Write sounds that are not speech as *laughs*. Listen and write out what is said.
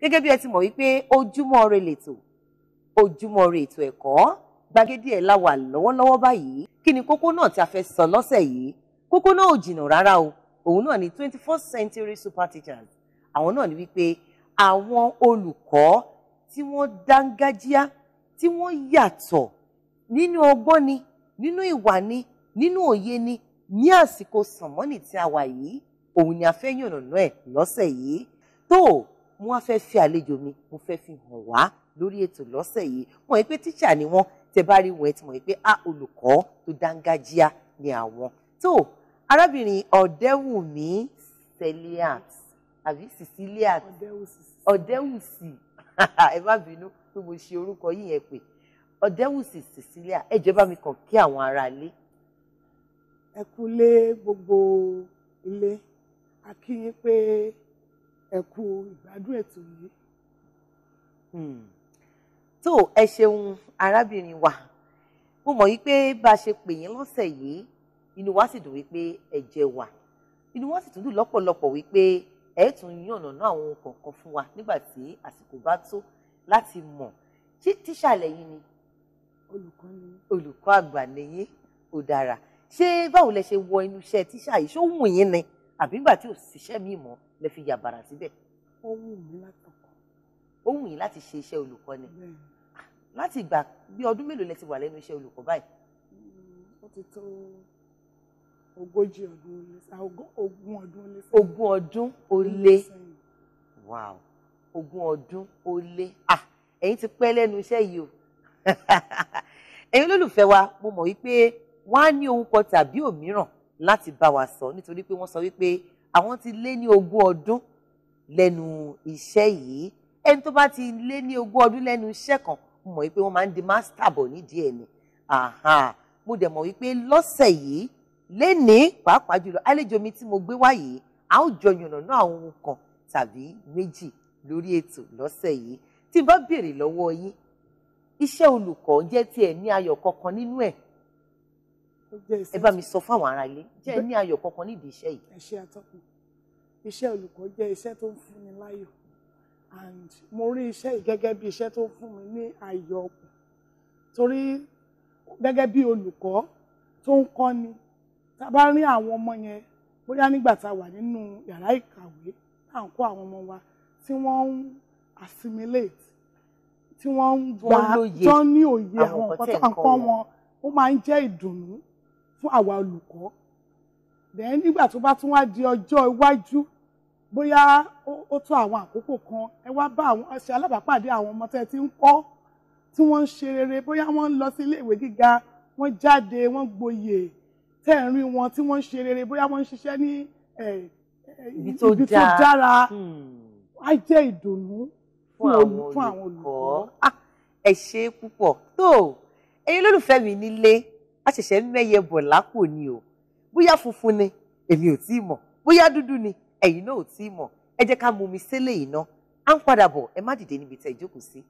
gẹ́gẹ́ bí ẹ ti mọ̀ wípé ojúmọ́ ire lètò ojúmọ́ ire ètò ẹ̀kọ́ gbàgede ẹ̀ la wà lọ́wọ́lọ́wọ́ báyìí kí ni kókó náà tí a fẹ́ sọ lọ́sẹ̀ yìí kókó náà ò jìnnà rárá o òun náà ni twenty first century super teachers àwọn náà ni wípé àwọn olùkọ́ tí wọ́n dángájíá tí wọ́n yàtọ̀ nínú ọgbọ́n ni nínú ìwà ni nínú òye ni ní àsìkò sànmọ́nì tí a wà yìí òun ni a fẹ́ yànnàná ẹ̀ lọ́sẹ̀ yìí tó o mo wá fẹ́ fi àlejò mi mo fẹ́ fi hàn wá lórí ètò lọ́sẹ̀ yìí mọ̀ pé tíṣà ni wọ́n tẹ bá rí wọn ẹ ti mọ̀ pé a ah, olùkọ́ tó dángájíá ni àwọn. tó arábìnrin ọ̀dẹ́wùmí celiat àbí siciliat ọ̀dẹ́wùsì *laughs* ẹ má bínú pé mo ṣe orúkọ yìí yẹn pé ọ̀dẹ́wùsì sicilia ẹ jẹ́ bá mi kàn kí àwọn aráalé. ẹ kú lé gbogbo ilé a kí yín pé. Pe ẹ kú ìgbádùn ètò yìí. tó hmm. ẹ ṣeun arábìnrin wa mo mọ̀ yí pé bá a ṣe pè yín lọ́sẹ̀ yìí inú wa sì dùn wípé ẹ jẹ́ wa inú wa sì tún dùn lọ́pọ̀lọpọ̀ wípé ẹ tún yànnàná àwọn ohun kọ̀ọ̀kan fún wa nígbà tí àsìkò bá tó láti mọ̀ ṣé tíṣà lẹ́yìn ni olùkọ́ ni olùkọ́ àgbà nìyí ò dára ṣé báwo lẹ ṣe wọ inú iṣẹ́ tíṣà yìí ṣó wù yín ni àbí ìgbà tí ò ṣiṣẹ́ mi mọ́ lẹ fi yàbàrà síbẹ̀ ó wù mí látọkọ ó wù yín láti ṣe iṣẹ́ olùkọ́ni láti ìgbà bí ọdún mélòó lẹ ti wà lẹ́nu iṣẹ́ olùkọ́ báyìí. Hmm, ó ti tó ogójì ọdún ó ogún ọdún ó ogún ọdún ó wow ogún ọdún ó ah ẹ̀yin ti pẹ́ lẹ́nu iṣẹ́ yìí o *laughs* ẹ̀yin olólùfẹ́ wa mo mọ̀ wípé wọ́n á ní orúkọ tàbí òmíràn láti bá wa sọ nítorí pé wọ́n sọ wípé àwọn ti lé ní ogún ọdún lẹ́nu iṣẹ́ yìí ẹni tó bá ti lé ní ogún ọdún lẹ́nu iṣẹ́ kan mo mọ̀ wípé wọ́n máa ń di master bọ̀ nídìí ẹ̀ ni mo dẹ̀ mọ̀ wípé lọ́sẹ̀ yìí lénìí pàápàá jùlọ àlejò mi tí mo gbé wá yìí a ó jọ yànnàná àwọn ohun kan tàbí méjì lórí ètò lọ́sẹ̀ yìí tí n bá béèrè lọ́wọ́ yín iṣẹ́ olùkọ́ jẹ́ tí ní ayọ̀ kankan nínú ẹ̀ ẹ bá mi sọ fáwọn ará ilé jẹ́ ẹ ní ayọ̀ kankan nídìí iṣẹ́ yìí. ẹ ṣe àtọ́kùn iṣẹ́ olùkọ́ jẹ́ iṣẹ́ tó ń fún mi láyọ̀ and mo rí iṣẹ́ yìí gẹ́gẹ́ bí iṣẹ́ tó ń fún mi ní ayọ̀ ọkàn torí gẹ́gẹ́ bí olùkọ́ tó ń kọ́ni tá a bá rí àwọn ọmọ yẹn bóyá nígbà tá a wà nínú yàrá ìkàwé tá à ń kó àwọn ọmọ wa tí wọ́n ń assimilate tí wọ́n ń gbà tó ní òye àwọn nǹkan tó ń kọ́ wọn ó máa ń jẹ́ ìdùnnú fún àwa olùkọ́ then nígbà tó bá tún wá di ọjọ́ iwájú bóyá ó tó àwọn àkókò kan ẹ wá bá àwọn ṣe alábàápàdé àwọn ọmọ tẹ́ ti ń kọ́ tí wọ́n ń ṣe rere bóyá wọ́n ń lọ sí ilé ìwé gíga wọ́n jáde wọ́n gboyè tẹ́ ń rí wọn tí wọ́n ń ṣe rere bóyá wọ́n ń ṣiṣẹ́ ní ibi tó dára á hmm. jẹ́ ìdùnnú fún àwọn olùkọ́. Ah, ẹ ṣe é tó ẹ̀yin lólùfẹ́ mi nílé a ṣẹ̀ṣẹ̀ ń mẹ́yẹ bọ̀ lápò ni o bóyá funfun ni èmi ò tí ì mọ̀ bóyá dúdú ni ẹ̀yin náà ò tí ì mọ̀ ẹ jẹ́ ká mumi sélè yìí ná à ń padà bọ̀ ẹ má dìde níbi tẹ́ ìjókòó sí